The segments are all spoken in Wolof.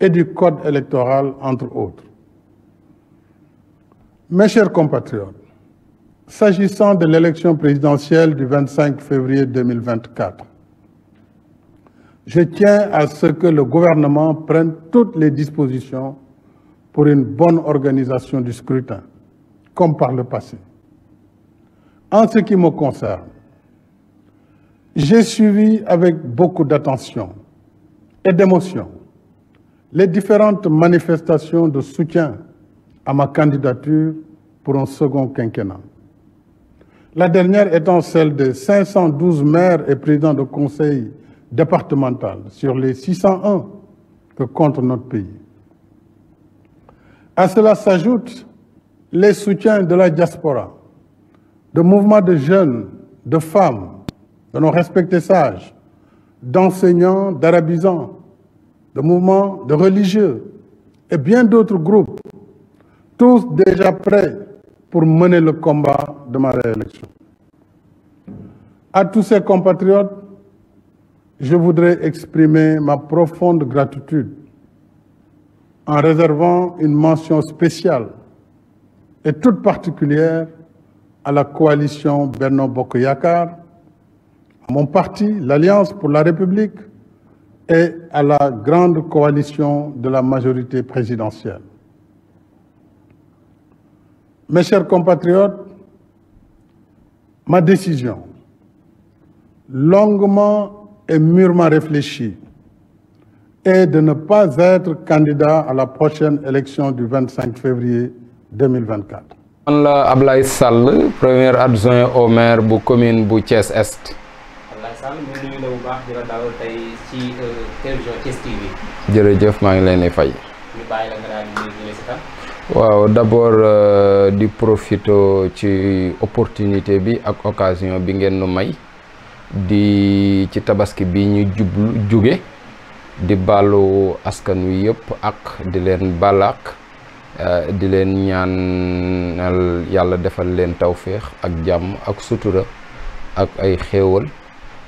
et du Code électoral, entre autres. Mes chers compatriotes, s'agissant de l'élection présidentielle du 25 février 2024, je tiens à ce que le gouvernement prenne toutes les dispositions pour une bonne organisation du scrutin, comme par le passé. En ce qui me concerne, j'ai suivi avec beaucoup d'attention et d'émotion les différentes manifestations de soutien à ma candidature pour un second quinquennat. La dernière étant celle des 512 maires et présidents de conseils départemental sur les 601 que compte notre pays. À cela s'ajoutent les soutiens de la diaspora, de mouvements de jeunes, de femmes, de nos respectés sages, d'enseignants, d'arabisants, de mouvements de religieux et bien d'autres groupes, tous déjà prêts pour mener le combat de ma réélection. À tous ces compatriotes, je voudrais exprimer ma profonde gratitude en réservant une mention spéciale et toute particulière à la coalition Bernard Bokoyakar, à mon parti, l'Alliance pour la République, et à la grande coalition de la majorité présidentielle. Mes chers compatriotes, ma décision, longuement et mûrement réfléchie, est de ne pas être candidat à la prochaine élection du 25 février 2024. premier adjoint au maire la commune Est. Euh, jërëjëf maa ngi leen di fay. ñu bàyyi la di nuyu waaw d'abord euh, di profito ci opportunité bi ak occasion bi ngeen nu may di ci tabaski bi ñu jublu jóge di baalu askan wi yëpp ak di leen balaak euh, di leen ñaanal yàlla defal leen tawféex ak jàmm ak sutura ak ay xéewal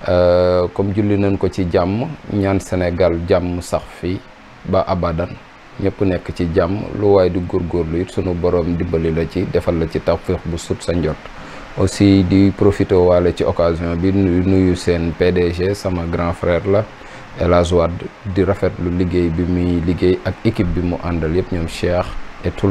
Euh, comme julli nañ ko ci jàmm ñaan Sénégal jàmm sax fi ba abadan ñëpp nekk ci jàmm lu waay di góorgóorlu it sunu borom dimbali la ci defal la ci tawféex bu sut sa njot aussi di profité waale ci occasion bi nuyu seen PDG sama grand frère la El Hadj Wade di rafetlu liggéey bi muy liggéey ak équipe bi mu àndal yëpp ñoom Cheikh et tout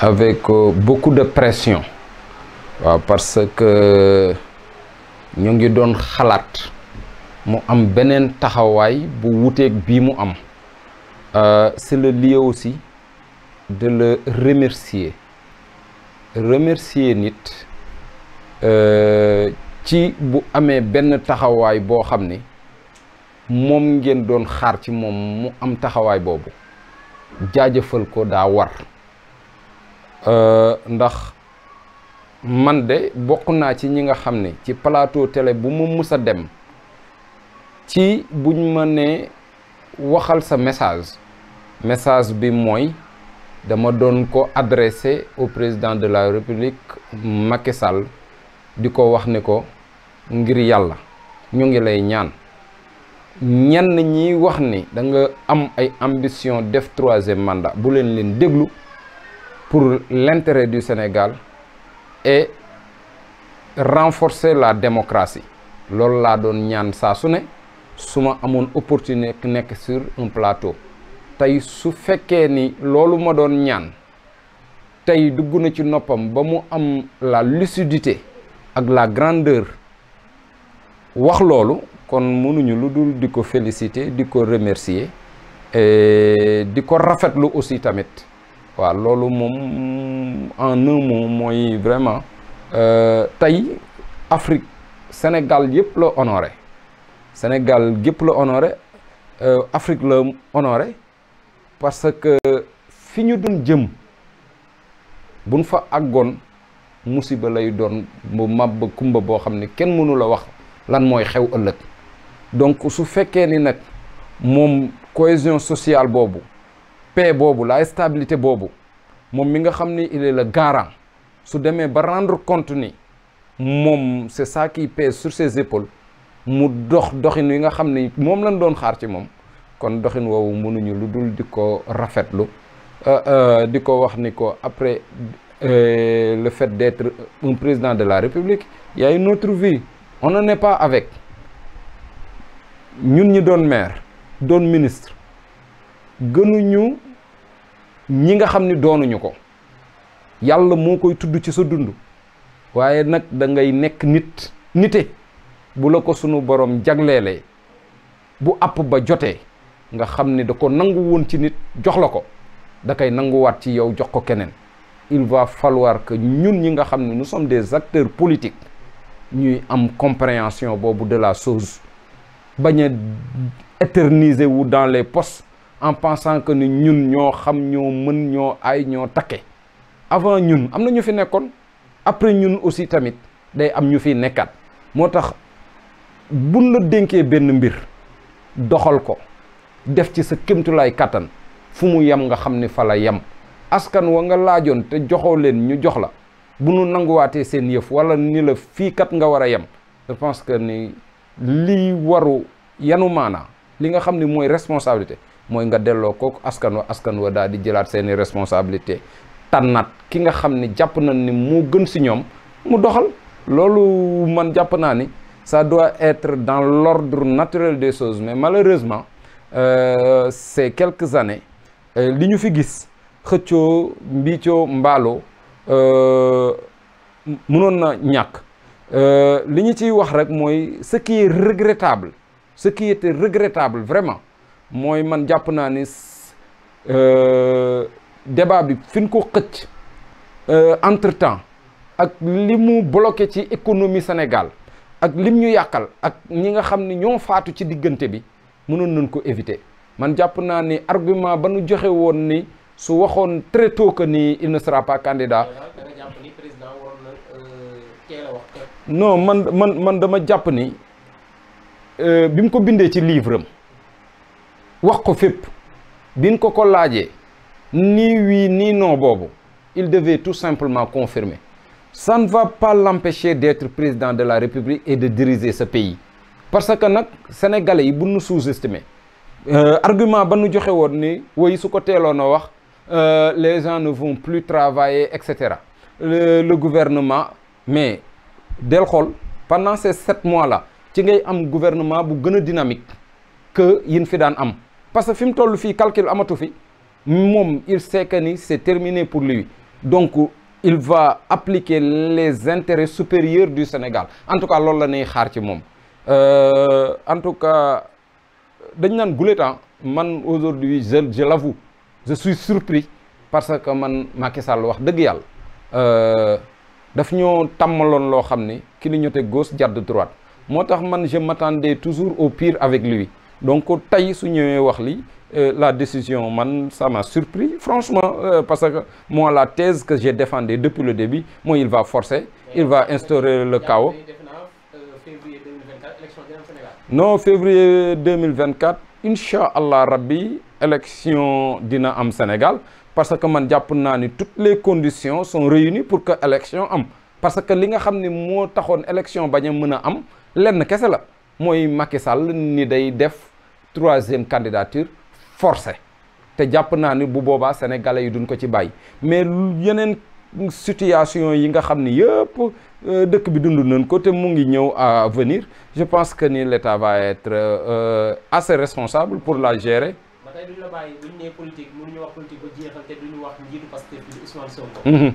avec euh, beaucoup de pression parce que ñu ngi doon xalat mu am benen taxaway bu bi mu am euh, c'est le lieu aussi de le remercier remercier nit euh, ci bu amé benn taxaway bo xamné mom ngeen doon xaar ci mom mu am taxaway bobu jaajëfal ko da war Euh, ndax man de bokk naa ci ñi nga xam ne ci plateau télé bu mu mus a dem ci buñ ma ne waxal sa message message bi mooy dama doon ko adressé au président de la république Macky di ko wax ni ko ngir yàlla ñu ngi lay ñaan ñenn ñi wax ni danga am ay ambition def troisième mandat bu leen leen déglu pour l'intérêt du Sénégal et renforcer la démocratie ce la donne ñaan saa nous avons opportunité sur un plateau tey su ni lolo ma doon ñaan tey dugg am la lucidité ak la grandeur wax lolo, kon mënuñu lu dul féliciter diko remercier et nous ko rafetlu aussi waaw loolu moom en un mot mooy vraiment euh, tey Afrique Sénégal yëpp la honoré Sénégal gépp la honoré euh, Afrique la honoré parce que fi ñu doon jëm buñ fa aggoon musiba lay doon bu màbb kumba boo xam ni kenn mënula wax lan mooy xew ëllëg donc su fekkee ni nag moom cohésion sociale boobu paix bobu la stabilité bobu mom mi nga xamni il est le garant su demee ba rendre compte ni mom c'est ça qui pèse sur ses épaules mu dox doxin yi nga xamni mom moom lañ doon xaar ci mom kon doxin wowo mënuñu lu dul di ko euh, euh di ko wax ni ko après euh, le fait d'être un président de la République il y a une autre vie on n'en est pas avec ñun ñi doon maire doon ministre gënuñu ñi nga xamni doonuñu ko yalla mo koy tudd ci sa dund waye nak da ngay nek nit nité bu la ko sunu borom jaglélé bu app ba joté nga xamni da ko nangu won ci nit jox la ko da nangu wat ci yow jox ko kenen il va falloir que ñun ñi nga xamni nous sommes des acteurs politiques ñuy am compréhension bobu de la chose baña a éterniser wu dans les postes en pensant que ni ñun ñoo xam ñoo mën ñoo ay ñoo takke avant ñun am na ñu fi nekkoon après ñun aussi tamit day am ñu fi nekkaat moo tax bu la dénkee benn mbir doxal ko def ci sa kémtulaay kàttan fu mu yem nga xam ni fa la yem askan wa nga laajoon te joxoo leen ñu jox la bu nu nanguwaatee seen yëf wala ni la fii kat nga war a yem je pense que ni lii waru yenu maanaa li nga xam ni mooy responsabilité mooy nga delloo kooku askan wa askan wa daal di jëlaat seeni responsabilité tànnaat ki nga xam ni jàpp nañ ni moo gën si ñoom mu doxal loolu man jàpp naa ni ça doit être dans l'ordre naturel des choses mais malheureusement euh, ces quelques années euh, li ñu fi gis xëccoo mbiicoo mbaaloo euh, mënoon na ñàkk euh, li ñu ciy wax rek mooy sa kii est sa ce qui était vraiment mooy man jàpp naa ni euh, débat bi fi ñu ko xëcc euh, entre temps ak li mu bloqué ci économie Sénégal ak lim ñu yàqal ak ñi nga xam ni ñoo faatu ci diggante bi mënoon nañ ko éviter man jàpp naa ni argument ba nu joxe woon ni su waxoon très tôt que ni il ne sera pas euh, man man man dama jàpp ni bi mu ko bindee ci livre am wax ni ni non il devait tout simplement confirmer ça ne va pas l'empêcher d'être président de la République et de diriger ce pays parce que les sénégalais yi bu nous sous-estimer euh, argument ba que nous avons ni euh, les gens ne vont plus travailler etc. le gouvernement mais del pendant ces sept mois là il y a un gouvernement bu a dynamique que yin fi daan am parce que fi mu calcul amatu fi il sait que ni c'est terminé pour lui donc il va appliquer les intérêts supérieurs du Sénégal en tout cas loolu la ñuy xaar ci Euh, en tout cas dañ naan guletan hein. man aujourd'hui je je l'avoue je suis surpris parce que man Macky Sall wax dëgg yàlla euh, daf ñoo tàmmaloon loo xam ne ki li ñote gauche de droite Moi, man je m'attendais toujours au pire avec lui donc tay euh, la décision man ça m'a surpris franchement euh, parce que moi la thèse que j'ai défendue depuis le début moi il va forcer il va instaurer le chaos non février 2024 Inch'Allah rabbi élection dina am Sénégal parce que man toutes les conditions sont réunies pour que l'élection am parce que li nga xam ne c'est que élection bañ a am lenn la Macky Sall ni day def troisième candidature forcée te jàpp naa ni bu boobaa sénégalais yi duñ ko ci bay mais yenen situation yi nga xamni yépp yëpp euh, dëkk bi dund nañ ko té mu ngi ñëw à venir je pense que ni l'État va être euh, assez responsable pour la gérer. ba tey duñ la bay buñ nee politique mënu ñu wax politique bu jéxal té duñu wax njiitu Pastef Ousmane Sonko. Mhm.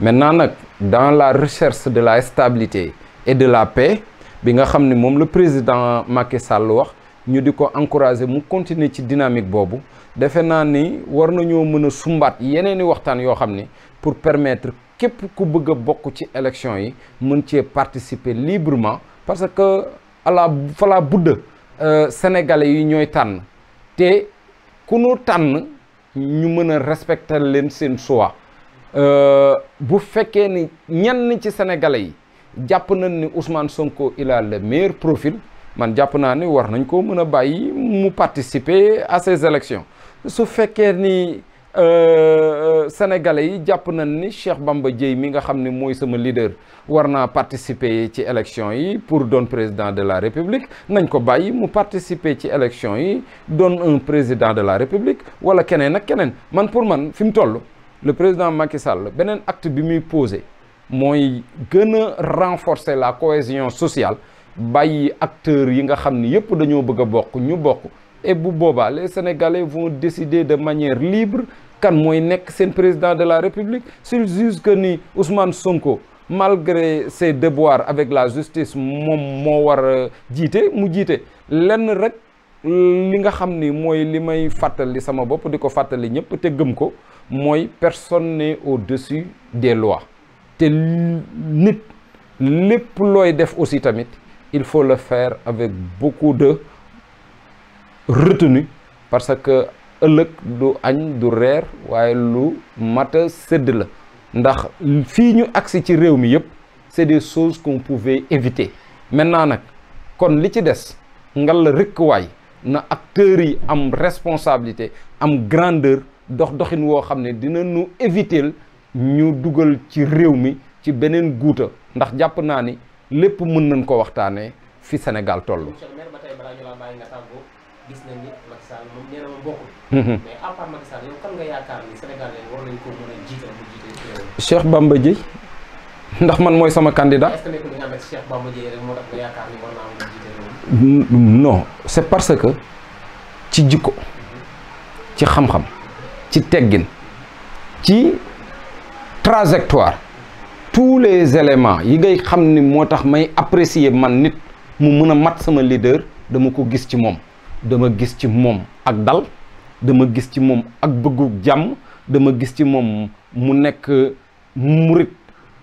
maintenant nag dans la recherche de la stabilité et de la paix bi nga xam ne le président Macky Sall wax ñu di ko encourager mu continuer ci dynamique boobu defe naa ni war nañoo mën a sumbaat yeneen yo waxtaan pour permettre képp ku bëgg a bokk ci élection yi mën participer librement parce que à la fa la budde euh, sénégalais yi ñooy tànn te ku nu tànn ñu mën a respecter leen seen choix euh, bu fekkee ni ñenn ci sénégalais yi jàpp nañ ni Ousmane Sonko il a le meilleur profil man japp naa ni war nañ ko mëna bayyi mu participer à ces élections su fekkee ni euh, sénégalais yi nañ ni Cheikh Bamba Dièye mi nga xamni moy sama leader war naa participer ci élections yi pour doon président de la république nañ ko bayyi mu participer ci élections yi doon un président de la république wala keneen ak keneen man pour man fim tollu le président Macky Sall un acte bi muy posé moy gëna renforcer la cohésion sociale bàyyi acteurs yi nga xamni ni yëpp dañoo bëgg faire. ñu bok et bu les sénégalais vont décider de manière libre kan moy sont sen président de la république s'il juge que ni Ousmane Sonko malgré ses déboires avec la justice mom mo war jité mu jité lenn rek li nga xamni moy limay fatali sama bop diko fatali ñëpp te gëm ko personne n'est au-dessus des lois nit aussi tamit il faut le faire avec beaucoup de retenue parce que du du lu la ndax c'est des choses qu'on pouvait éviter maintenant kon li ci ngal na responsabilité am grandeur dox doxin woo xam ne dina nu éviter ñu dugal ci réew mi ci beneen guuta ndax jàpp naa ni lépp mën nañ ko waxtaanee fi senegal toll. gis nañ na ma bokkul. Mhm. mais à ndax man mooy sama candidat. est-ce mm, c'est parce que ci jikko ci xam-xam ci teggin ci trajectoire tous les éléments yi ngay xam ni moo tax may apprécier man nit mu mën a mat sama leader dama ko gis ci moom dama gis ci moom ak dal dama gis ci moom ak bëggu jàmm dama gis ci moom mu nekk murit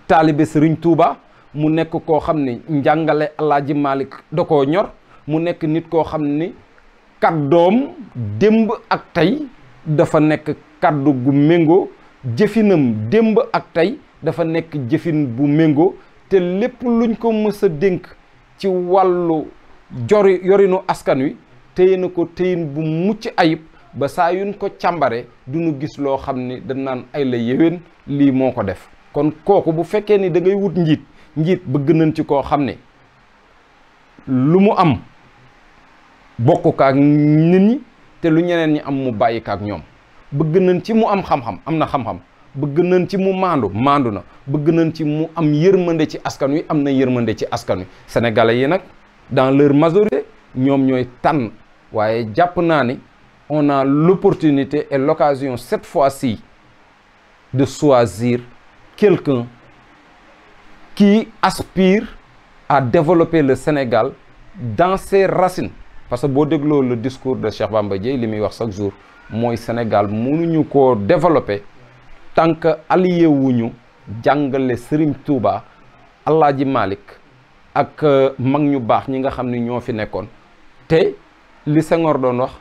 taalibe Sëriñ Tuuba mu nekk koo xam ni njàngale Alaaji Malik da koo ñor mu nekk nit koo xam ni doom démb ak tey dafa nekk kàddu gu méngoo jëfinam démb ak tey dafa nekk jëfin bu méngoo te lépp luñ ko mës a dénk ci wàllu jori askan wi téye na ko téyin bu mucc ayib ba saa yuñ ko càmbare duñu gis loo xam ni dañ naan ay la yéwén lii moo ko def kon kooku bu fekkee ni dangay wut njiit njiit bëgg nañ ci koo xam ne lu mu am bokk ak nit ñi té lu ñeneen ñi am mu bàyyi kaak ñom bëgg nañ ci mu am xam-xam am na xam-xam bëgg nañ ci mu mandu maandu na bëgg nañ ci mu am yërmande ci askan wi am na yërmande ci askan wi sénégalais yi nak dans leur majorité ñom ñoy tan waaye japp naa ni on a l'opportunité et l'occasion cette fois-ci de choisir quelqu'un qui aspire à développer le Sénégal dans ses racines parce que boo dégloo le discours de Cheikh Bamba Dièye li muy wax chaque jour mooy Sénégal mënuñu koo développer tant que allié wuñu jangale Serigne Touba Alaaji Malik, ak euh, mag ñu bax ñi nga xamni ne ñoo fi nekkoon té li Senghor doon wax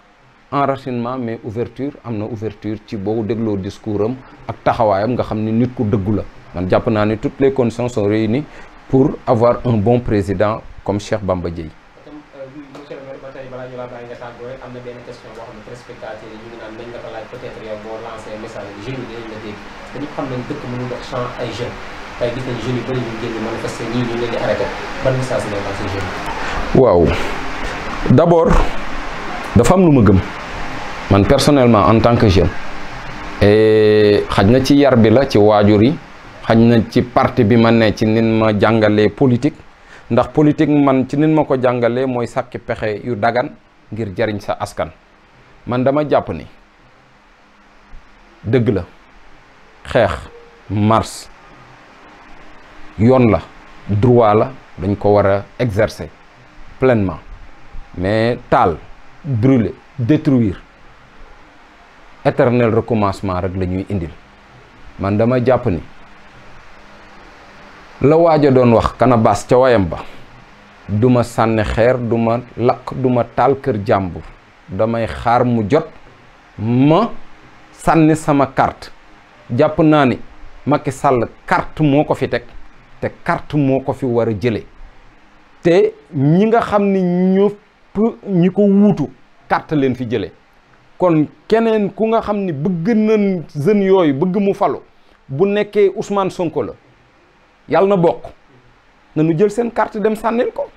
enracinement mais ouverture amna ouverture ci bo deglo discours ak taxawayam nga xamni nit ko dëggu la man japp na ni toutes les conditions sont réunies pour avoir un bon président comme Cheikh Bamba Dièye la bàyyi am na benn question waaw d' abord dafa am lu ma gëm man personnellement en tant que jeune et xaj na ci yar bi la ci waajur yi xaj na ci parti bi ma ne ci nin ma jàngale politique ndax politique man ci nin ma ko jàngalee mooy sàkki pexe yu dagan ngir jariñ sa askan man dama japp ni deug la xex mars yon la droit la dañ ko wara exercer pleinement mais tal brûler détruire éternel recommencement rek lañuy indil man dama japp ni la waja doon wax kana bas ci wayam ba du ma sànni xeer du ma lakk du taal kër jàmbur damay xaar mu jot ma sànni sama carte jàpp naa ni Macky sàll carte moo ko fi teg te carte moo ko fi war a jële te ñi nga xam ni ñëpp ñi ko wuutu carte leen fi jële kon keneen ku nga xam ni bëgg nañ jeunes yooyu bëgg mu falu bu nekkee Ousmane Sonko la yàlla na bokk na jël seen carte dem sànnil ko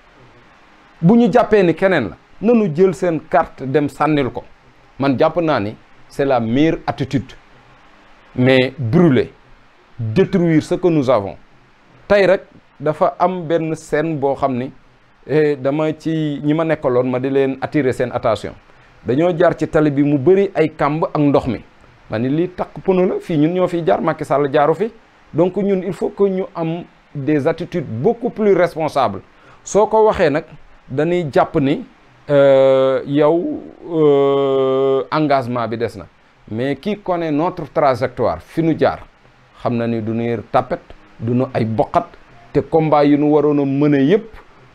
buñu jappé ni kenen la nanu jël sen carte dem sànnil ko man japp naa c'est la meilleure attitude mais brûler détruire ce que nous avons tay rek dafa am benn scène bo xamni ni eh, dama ci ñima ma ma di leen attirer sen attention dañu jaar ci tali bi mu bari ay kàmb ak ndox mi ma li tak la fi ñun ñoo jaar Macky jaaru fi donc ñun il faut que ñu am des attitudes beaucoup plus responsables soko waxé nak dañuy japp ni euh, yow euh, engagement bi des mais qui connaît notre trajectoire fi nu jaar xam na ni du ñuy tapet du nu ay boqat te combat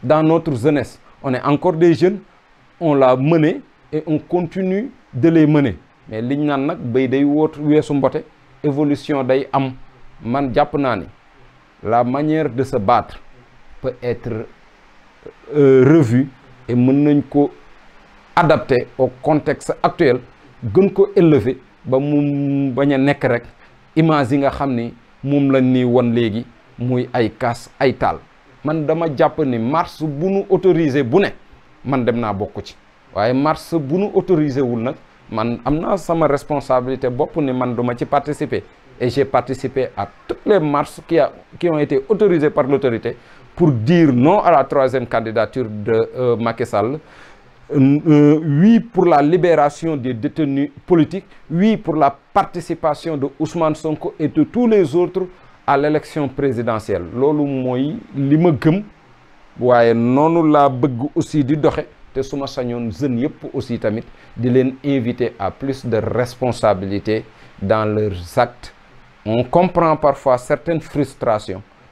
dans notre jeunesse on est encore des jeunes on l'a mené et on continue de les mener mais liñ naan nag bay day que weesu mbote évolution day am man la manière de se battre peut être euh, revue et mën nañ adapté au contexte actuel gën ko élevé ba mu imazinga nek rek image yi nga xamni ni ni won légui muy ay casse ay tal man dama japp ni autorisé bu man man sama responsabilité je ni man duma ci participer et j'ai participé à toutes les marches qui a qui ont été autorisés par l'autorité pour dire non à la troisième candidature de euh, Macky Sall, euh, oui pour la libération des détenus politiques, oui pour la participation de Ousmane Sonko et de tous les autres à l'élection présidentielle Lolo mooy lima ma gëm waaye nous la bëgg aussi di doxe te suma aussi tamit inviter à plus de responsabilité dans leurs actes on comprend parfois certaines frustrations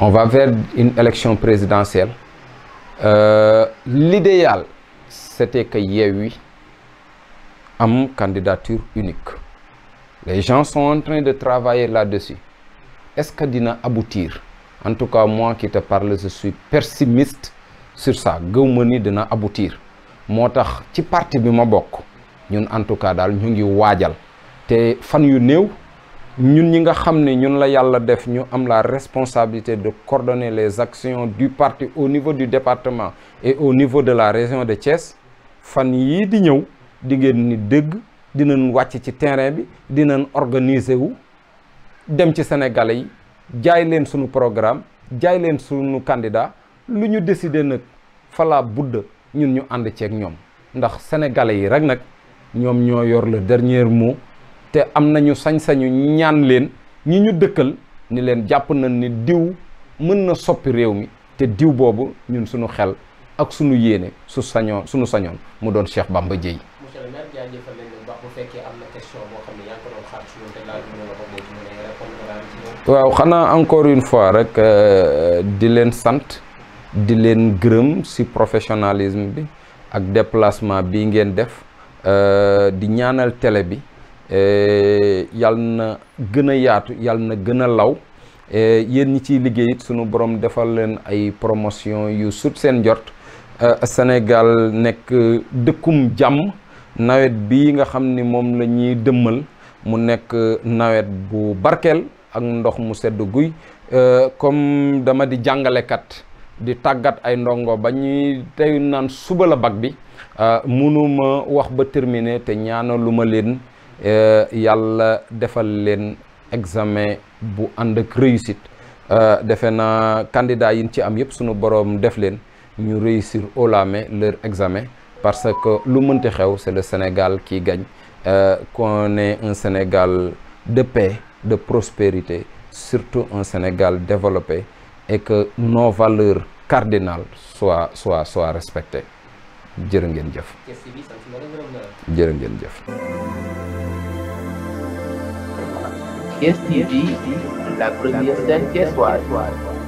on va vers une élection présidentielle. Euh, l'idéal, c'était qu'il y ait eu une candidature unique. Les gens sont en train de travailler là-dessus. Est-ce que dina aboutir En tout cas, moi qui te parle, je suis pessimiste sur ça. Gaumani dina aboutir. Moi, je ci parti bi ma bokk ñun en tout cas nous ñu ngi te fan yu nous avons la am la responsabilité de coordonner les actions du parti au niveau du département et au niveau de la région de Thiès fan nous, di ñëw di ngeen ni nous nous, avons dem Sénégalais yi jaay leen suñu programme jaay leen suñu candidat lu Nous décider nag fala budd ñun nous nous sénégalais yi rek nous yor le dernier mot te am nañu sañ-sañu ñaan leen ñi ñu dëkkal ni leen jàpp nañ ni diw mën na soppi réew mi te diw boobu ñun suñu xel ak suñu yéene su sañoon suñu sañoon mu doon Cheikh Bamba Dièye. waaw xanaa encore une fois rek euh, di leen sant di leen gërëm si professionnalisme bi ak déplacement bi ngeen def euh, di ñaanal tele bi. Eh, yal na gën a yaatu yal na gën a law eh, yéen ñi ciy liggéey it sunu borom defal leen ay promotion yu sut seen jot eh, Sénégal nekk dëkkum jàmm nawet bi nga xam ni moom lañuy dëmmal mu nekk nawet bu barkeel ak ndox mu sedd guy comme dama di jàngalekat di tàggat ay ndongo ba ñuy tey naan suba la bac bi mënuma wax ba terminer te ñaanaluma leen Il eh, defal len examen bu examen ak réussite Il eh, na candidat yi ci am yëpp sunu borom def ñu réussir au leur examen parce que lu xew c'est le Sénégal qui gagne eh, qu'on ait un Sénégal de paix de prospérité surtout un Sénégal développé et que nos valeurs cardinales soient soient soient respectées Merci. tv, la pronunciación que es